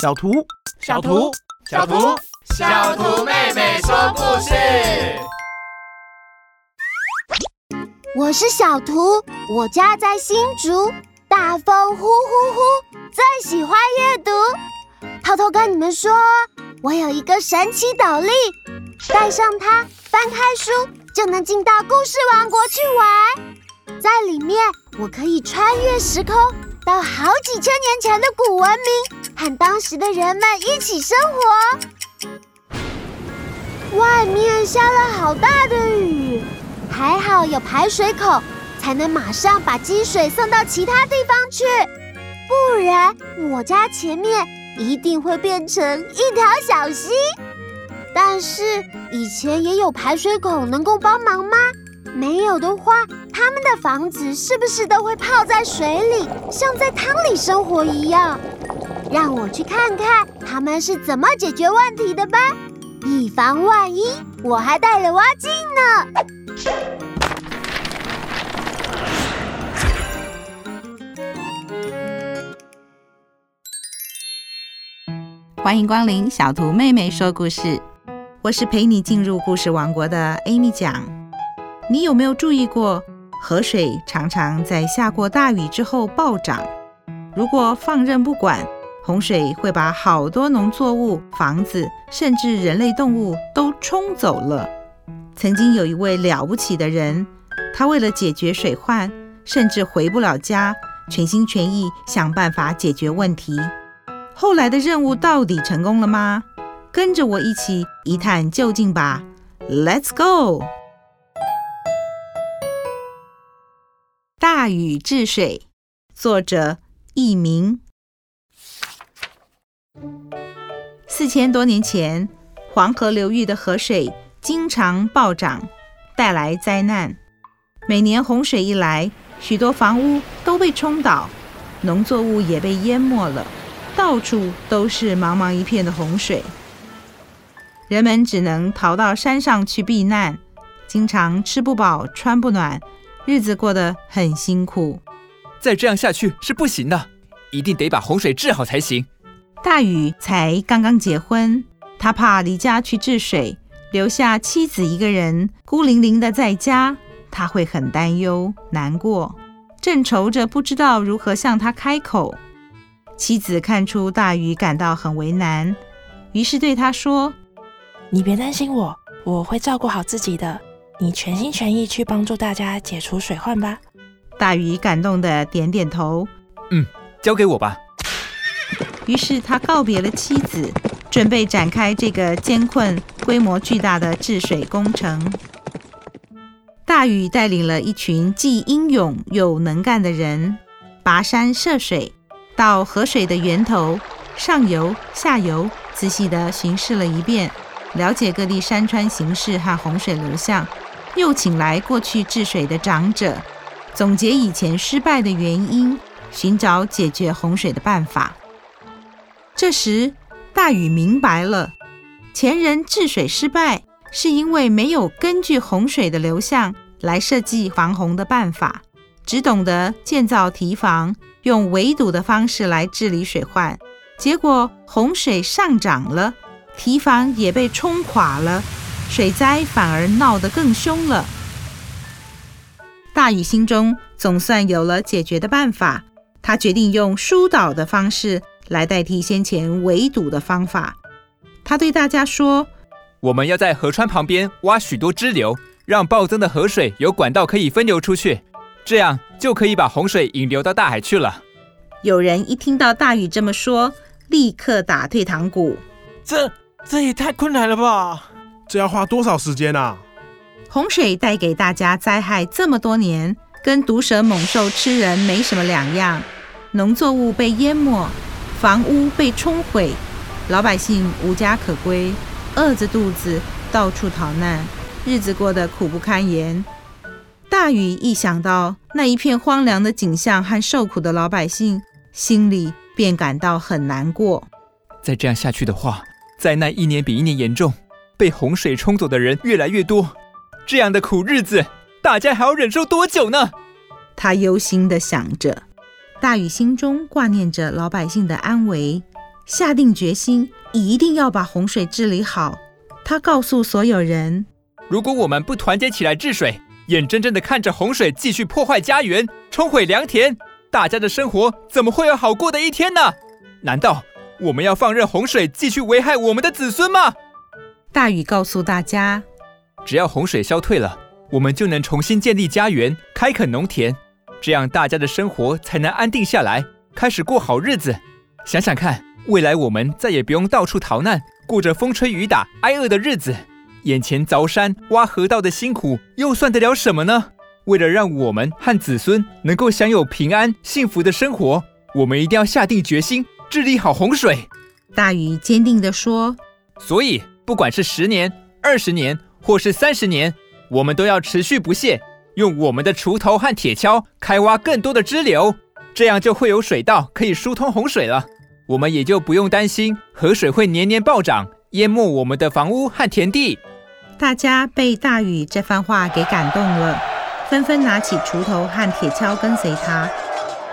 小圖，小圖，小圖，小圖，小圖妹妹說故事。我是小圖，我家在新竹，大風呼呼呼，最喜歡閱讀。偷偷跟你們說，我有一個神奇斗笠，戴上它，翻開書就能進到故事王國去玩，在裡面我可以穿越時空。要好幾千年前的古文明，和當時的人們一起生活。外面下了好大的雨，還好有排水口，才能馬上把積水送到其他地方去，不然我家前面一定會變成一條小溪。但是以前也有排水口能夠幫忙嗎？沒有的話，他們的房子是不是都會泡在水裡，像在湯裡生活一樣？讓我去看看他們是怎麼解決問題的吧。以防萬一，我還帶了蛙鏡呢。歡迎光臨小圖妹妹說故事，我是陪你進入故事王國的 Amy 講。你有沒有注意過，河水常常在下過大雨之後暴漲？如果放任不管，洪水會把好多農作物、房子，甚至人類、動物都沖走了。曾經有一位了不起的人，他為了解決水患，甚至回不了家，全心全意想辦法解決問題。後來的任務到底成功了嗎？跟着我一起一探究竟吧！Let's go！《禹治水》作者佚名。四千多年前，黃河流域的河水經常暴漲，帶來災難。每年洪水一來，許多房屋都被沖倒，農作物也被淹沒了，到處都是茫茫一片的洪水。人們只能逃到山上去避難，經常吃不飽，穿不暖。日子過得很辛苦，再這樣下去是不行的，一定得把洪水治好才行。大禹才剛剛結婚，他怕離家去治水，留下妻子一個人孤零零的在家，他會很擔憂、難過，正愁着不知道如何向他開口。妻子看出大禹感到很為難，於是對他說：“你別擔心我，我會照顧好自己的。”你全心全意去幫助大家解除水患吧！大禹感動的點點頭，嗯，交給我吧！於是他告別了妻子，準備展開這個艱困、規模巨大的治水工程。大禹帶領了一群既英勇又能幹的人，跋山涉水，到河水的源頭、上游、下游，仔細的巡視了一遍，了解各地山川形勢和洪水流向。又請來過去治水的長者，總結以前失敗的原因，尋找解決洪水的辦法。這時，大禹明白了，前人治水失敗是因為沒有根據洪水的流向來設計防洪的辦法，只懂得建造堤防，用圍堵的方式來治理水患，結果洪水上漲了，堤防也被衝垮了。水災反而鬧得更凶了。大禹心中總算有了解決的辦法，他決定用疏導的方式來代替先前圍堵的方法。他對大家說：“我們要在河川旁邊挖許多支流，讓暴增的河水有管道可以分流出去，這樣就可以把洪水引流到大海去了。”有人一聽到大禹這麼說，立刻打退堂鼓：“這這也太困難了吧！”這要花多少時間啊？洪水帶給大家災害這麼多年，跟毒蛇猛獸吃人沒什麼兩樣。農作物被淹沒，房屋被沖毀，老百姓無家可歸，餓着肚子到處逃難，日子過得苦不堪言。大禹一想到那一片荒涼的景象和受苦的老百姓，心裡便感到很難過。再這樣下去的話，災難一年比一年嚴重。被洪水沖走的人越來越多，這樣的苦日子，大家還要忍受多久呢？他憂心地想着。大禹心中掛念着老百姓的安危，下定決心一定要把洪水治理好。他告訴所有人：“如果我們不團結起來治水，眼睜睜地看着洪水繼續破壞家園、沖毀良田，大家的生活怎麼會有好過的一天呢？難道我們要放任洪水繼續危害我們的子孫嗎？”大禹告訴大家，只要洪水消退了，我們就能重新建立家園，開墾農田，這樣大家的生活才能安定下來，開始過好日子。想想看，未來我們再也不用到處逃難，過着風吹雨打、挨餓的日子。眼前鑿山、挖河道的辛苦又算得了什麼呢？為了讓我們和子孫能夠享有平安幸福的生活，我們一定要下定決心治理好洪水。大禹堅定地說：“所以。”不管是十年、二十年，或是三十年，我們都要持續不懈，用我們的鋤頭和鐵鍬開挖更多的支流，這樣就會有水道可以疏通洪水了。我們也就不用擔心河水會年年暴漲，淹沒我們的房屋和田地。大家被大禹這番話給感動了，紛紛拿起鋤頭和鐵鍬跟隨他，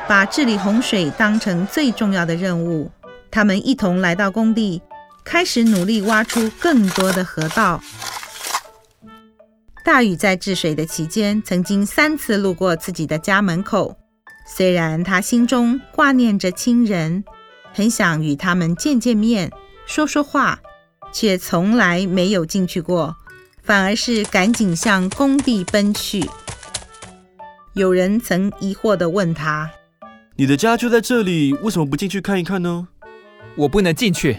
把治理洪水當成最重要的任務。他們一同來到工地，開始努力挖出更多的河道。大禹在治水的期間，曾經三次路過自己的家門口，雖然他心中掛念着親人，很想與他們見見面、說說話，卻從來沒有進去過，反而是趕緊向工地奔去。有人曾疑惑地問他：“你的家就在這裡，為什麼不進去看一看呢？”“我不能進去。”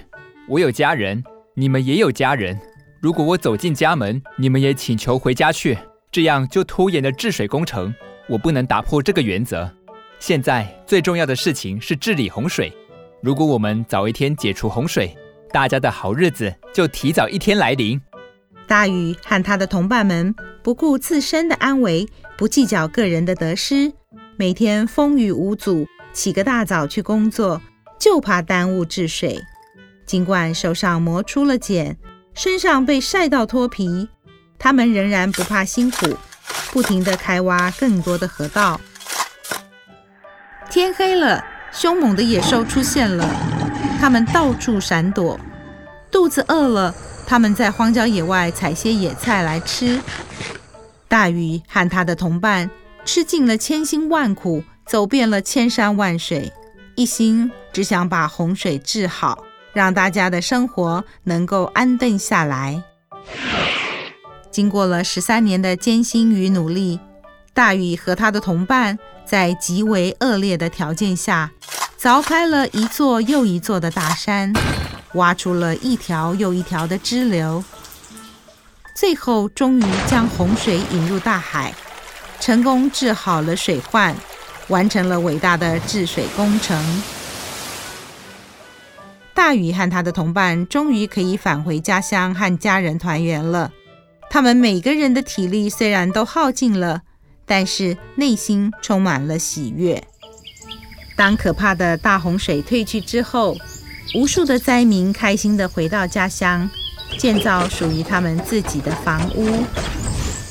我有家人，你們也有家人。如果我走進家門，你們也請求回家去，這樣就拖延了治水工程。我不能打破這個原則。現在最重要的事情是治理洪水。如果我們早一天解除洪水，大家的好日子就提早一天來臨。大禹和他的同伴們不顧自身的安危，不計較個人的得失，每天風雨無阻，起個大早去工作，就怕耽誤治水。儘管手上磨出了繭，身上被曬到脫皮，他們仍然不怕辛苦，不停地開挖更多的河道。天黑了，兇猛的野獸出現了，他們到處閃躲。肚子餓了，他們在荒郊野外採些野菜來吃。大禹和他的同伴吃盡了千辛萬苦，走遍了千山萬水，一心只想把洪水治好。讓大家的生活能夠安頓下來。經過了十三年的艱辛與努力，大禹和他的同伴在極為惡劣的條件下，鑿開了一座又一座的大山，挖出了一條又一條的支流，最後終於將洪水引入大海，成功治好了水患，完成了偉大的治水工程。大禹和他的同伴終於可以返回家鄉和家人團圓了。他們每個人的體力雖然都耗盡了，但是內心充滿了喜悅。當可怕的大洪水退去之後，無數的災民開心地回到家鄉，建造屬於他們自己的房屋。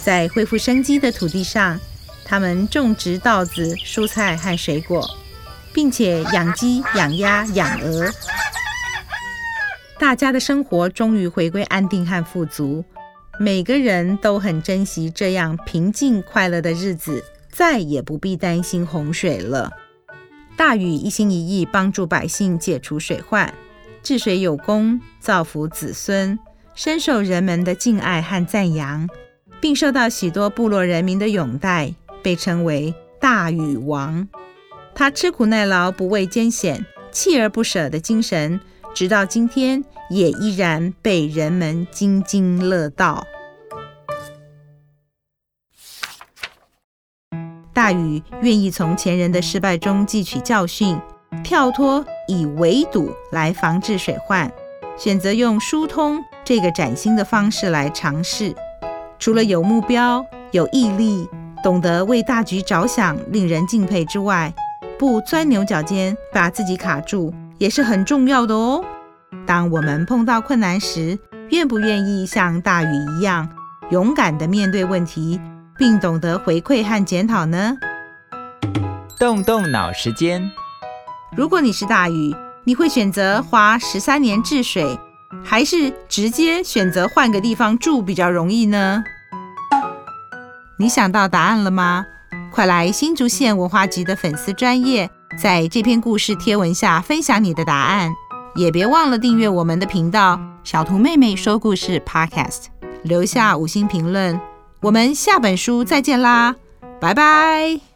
在恢復生機的土地上，他們種植稻子、蔬菜和水果，並且養雞、養鴨、養鵝。大家的生活終於回歸安定和富足，每個人都很珍惜這樣平靜快樂的日子，再也不必擔心洪水了。大禹一心一意幫助百姓解除水患，治水有功，造福子孫，深受人們的敬愛和讚揚，並受到許多部落人民的擁戴，被稱為大禹王。他吃苦耐勞、不畏艱險、鍥而不舍的精神。直到今天，也依然被人們津津樂道。大禹願意從前人的失敗中汲取教訓，跳脫以圍堵來防治水患，選擇用疏通這個嶄新的方式來嘗試。除了有目標、有毅力、懂得為大局着想，令人敬佩之外，不鑽牛角尖，把自己卡住。也是很重要的哦。當我們碰到困難時，願不願意像大禹一樣勇敢地面對問題，並懂得回饋和檢討呢？動動腦時間。如果你是大禹，你會選擇花十三年治水，還是直接選擇換個地方住比較容易呢？你想到答案了嗎？快來新竹縣文化局的粉絲專頁。在這篇故事貼文下分享你的答案，也別忘了訂閱我們的頻道“小圖妹妹說故事 ”Podcast，留下五星評論。我們下本書再見啦，拜拜。